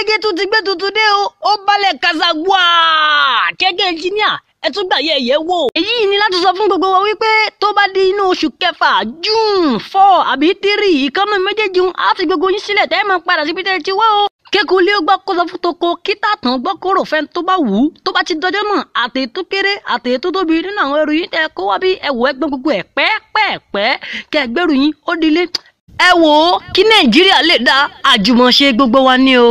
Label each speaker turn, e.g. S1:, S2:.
S1: gẹ́gẹ́ tún ti gbé tuntun dé o ó balẹ̀
S2: kazagua kẹ́kẹ́ engineer ẹ tún gbà yẹ ẹ̀yẹ́ wò. èyí ni láti sọ fún gbogbo wa wípé tó bá di inú oṣù kẹfà june four àbí three ìkànnì méjèèjì á fi gbogbo yín sílẹ̀ tẹ́ ẹ máa padà síbi tẹ́ ẹ ti wá o kékulé ó gbọ́ kóso fún toko kíta tán gbọ́ kóró fẹ́ tó bá wù ú tó bá ti dọjọ́ náà àtẹ̀ tó kéré àtẹ̀ tó tóbi nínú àwọn ẹrù yín tẹ kó wá bí ẹwọ ẹgbẹ́ gbogbo ẹ̀ pẹ́ẹ́pẹ́ẹ́pẹ́ kẹgbẹ́rù yín ó dilé ẹ wò kí nàìjíríà lè dá àjùmọ̀ṣe gbogbo wa ní o.